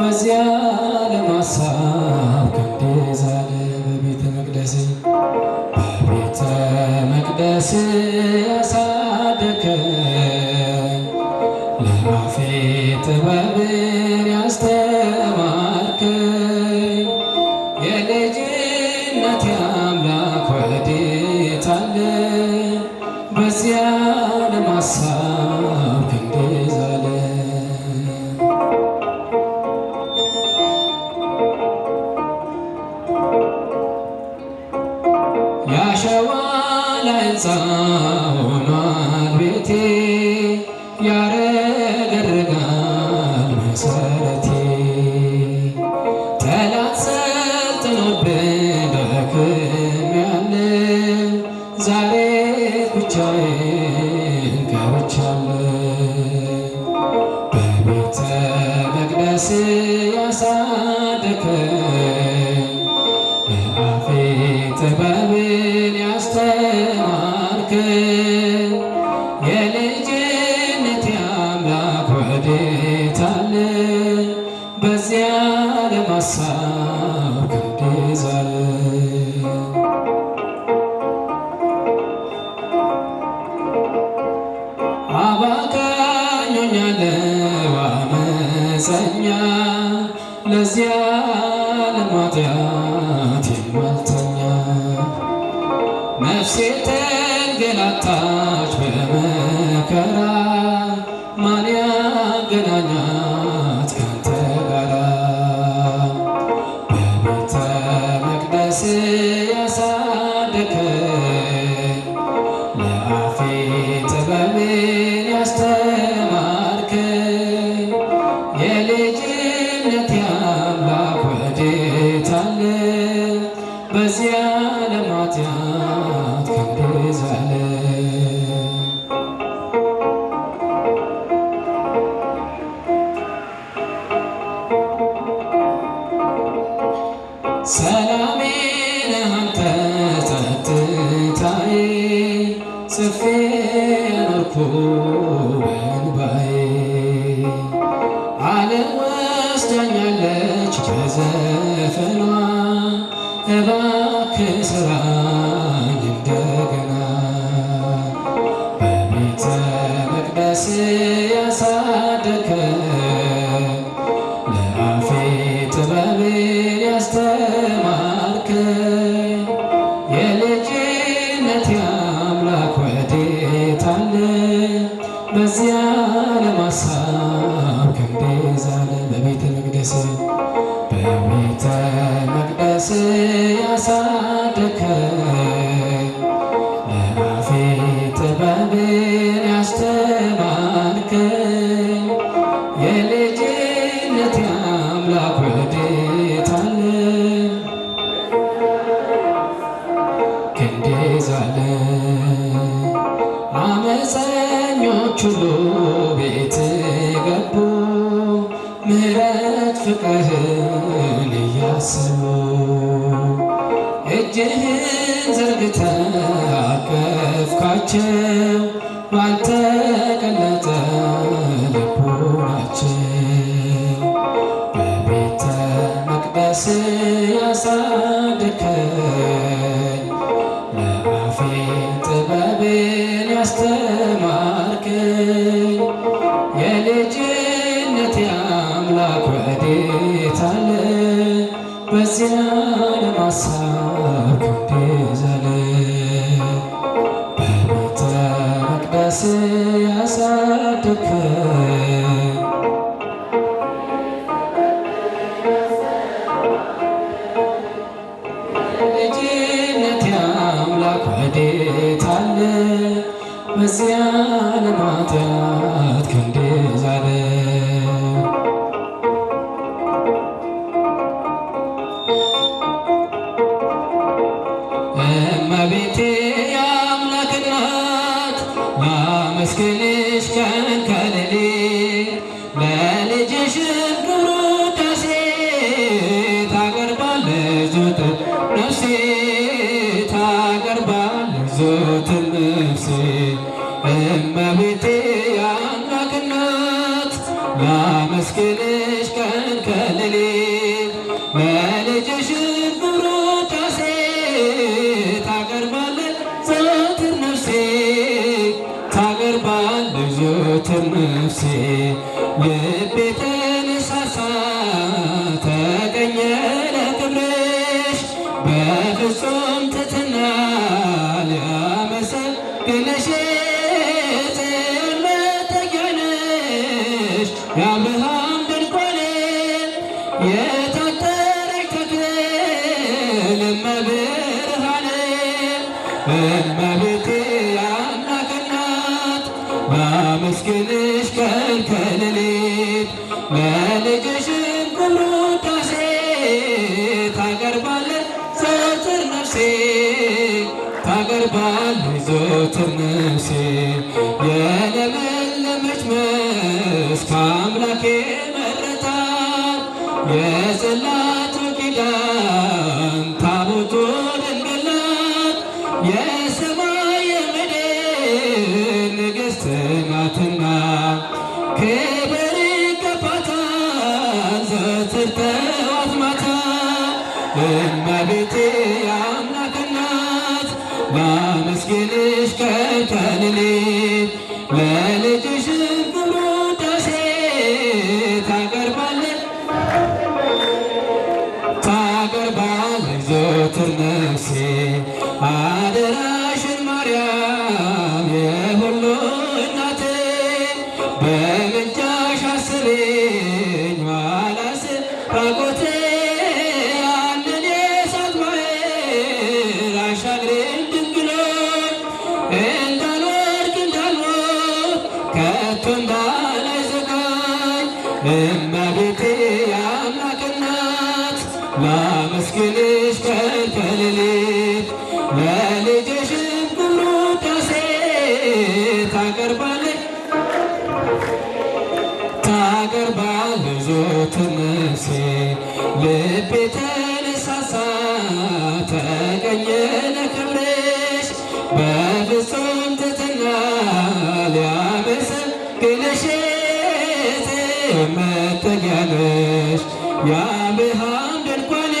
በዚያ ለማሳብ ክንዴ በቤተ መቅደስ በቤተ መቅደስ ያሳደከ ለአፌ ጥበብን ያስተማርከ የልጅነት አምላክ ወዴት በዚያ ለማሳብ ብቻዬን ቀርቻለሁ በቤተ መቅደስ ያሳደከኝ ለአፌ ጥበብን ያስተማርከኝ የልጅነቴ አምላክ ወዴት አለ በዚያ ለማሳ ነፍሴ ተንገላታች በመከራ ማን ያገናኛት ካንተ ጋራ በቤተ መቅደስ ያሳደከ ለአፌ ጥበብን ያስተማርከ የልጅነት አምላክ ወዴት አለ በዚያ ዓለም ኃጢአት ጽፌ ኖርኩ ናቸው ባልተገለጠ ልቡናቸው በቤተ መቅደስ ያሳደከኝ ለአፌ ጥበብን ያስተማርከኝ የልጅነት የአምላክ ወዴት አለ በዚያ ለማሳብ እንዴ ዘለ የታለ በዚያ ለማጥያት ክንድ ብዙትን ነፍሴ ልቤ ተነሳሳ ተገኘ ለክብርሽ በፍጹም ትትና ሊያመሰግንሽ መጠጊያነሽ የአብርሃም ድንኳን የታጠረች ተክል እመብርሃን እመቤቴ ላመስግንሽ ቀን ከሌሊት ለልጅሽ ክብር ውዳሴ ዘወትር ነፍሴ የለመለመች መስክ አምላኬ ላመስግንሽ ቀን ሌሊት ለልጅሽ ክብር ውዳሴ ታቀርባለች ዘወትር ነፍሴ አደራሽን ማርያም የሁሉ እናቴ በምልጃሽ አስቢኝ ማላስ ራቆቴ ትንሴ ልቤ ተነሳሳ ተቀየረ ክብርሽ በፍጹም ትትና ሊያመሰግንሽ መጠጊያ የአብርሃም ድንኳን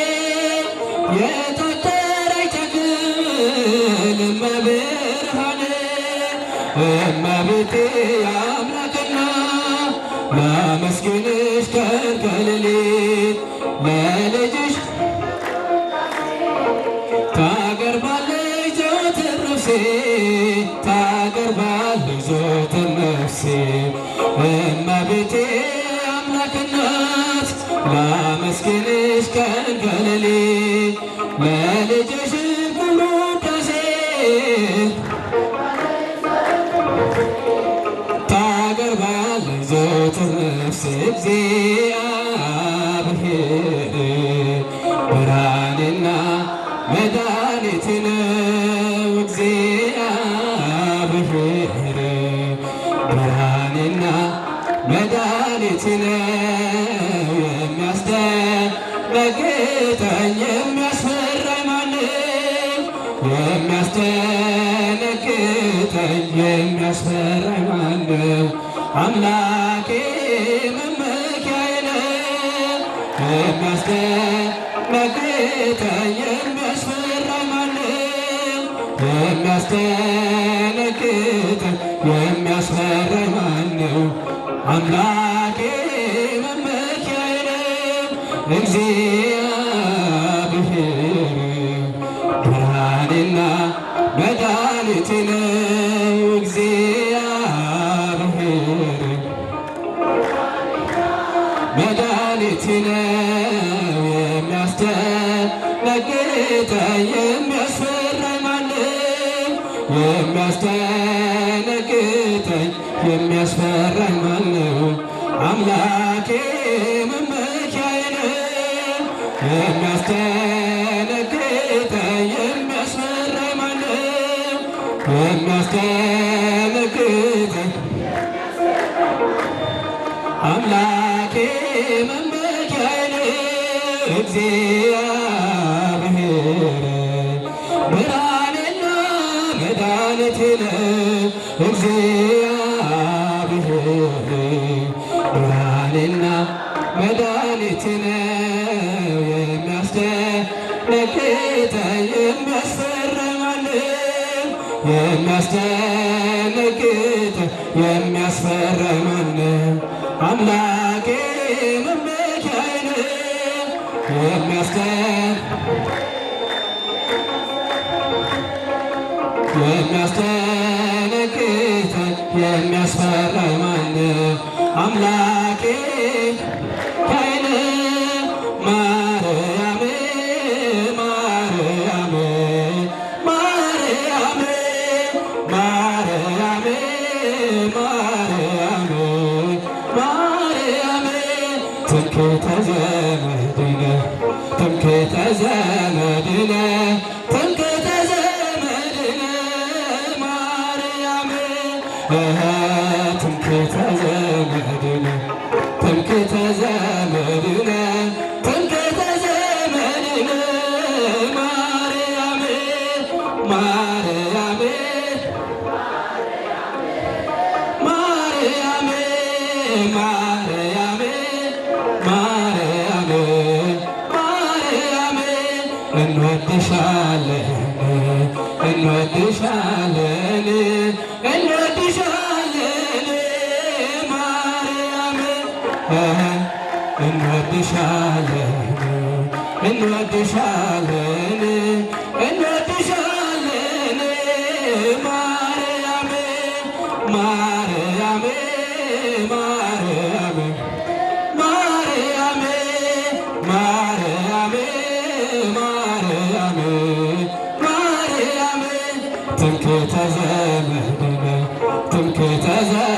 እመብርሃን እመቤቴ ላመስግንሽ ቀን በሌሊት የሚያስደነግጠኝ የሚያስፈራኝ ማነው? አምላኬ መመኪያዬ ነው። የሚያስደነግጠኝ የሚያስፈራኝ ማነው? የሚያስደነግጠኝ የሚያስፈራኝ ማነው? አምላኬ መመኪያዬ ነው እግዚአብሔር ፈቃዴና መድኃኒቴ ነው እግዚአብሔር መድኃኒቴ ነው የሚያስደነግጠኝ የሚያስፈራኝ ማንም የሚያስደነግጠኝ የሚያስፈራኝ ማነው አምላኬ መመኪያዬ ነው የሚያስደነግጥ አምላኬ መመኪያዬ እግዚአብሔር ብርሃኔና መድኃኒቴ እግዚአብሔር ብርሃኔና መድኃኒቴ የሚያስደነግጥ የሚያስፈራ ማነው? አምላኬ መመኪያዬ የሚያስደነግጥ የሚያስፈራ ማነው? ተዘመድነ ኩንቱ ተዘመድነ ማርያም ትምክ ተዘመድነ ትምክ ተዘመድነ ኩንቱ ተዘመድነ ማርያም ማርያም ማርያም ማርያም እንወድሻለን እንወድሻለን እንወድሻለን ማርያም እንወድሻለን እንወድሻለን ተዘመድነ ትምክህተ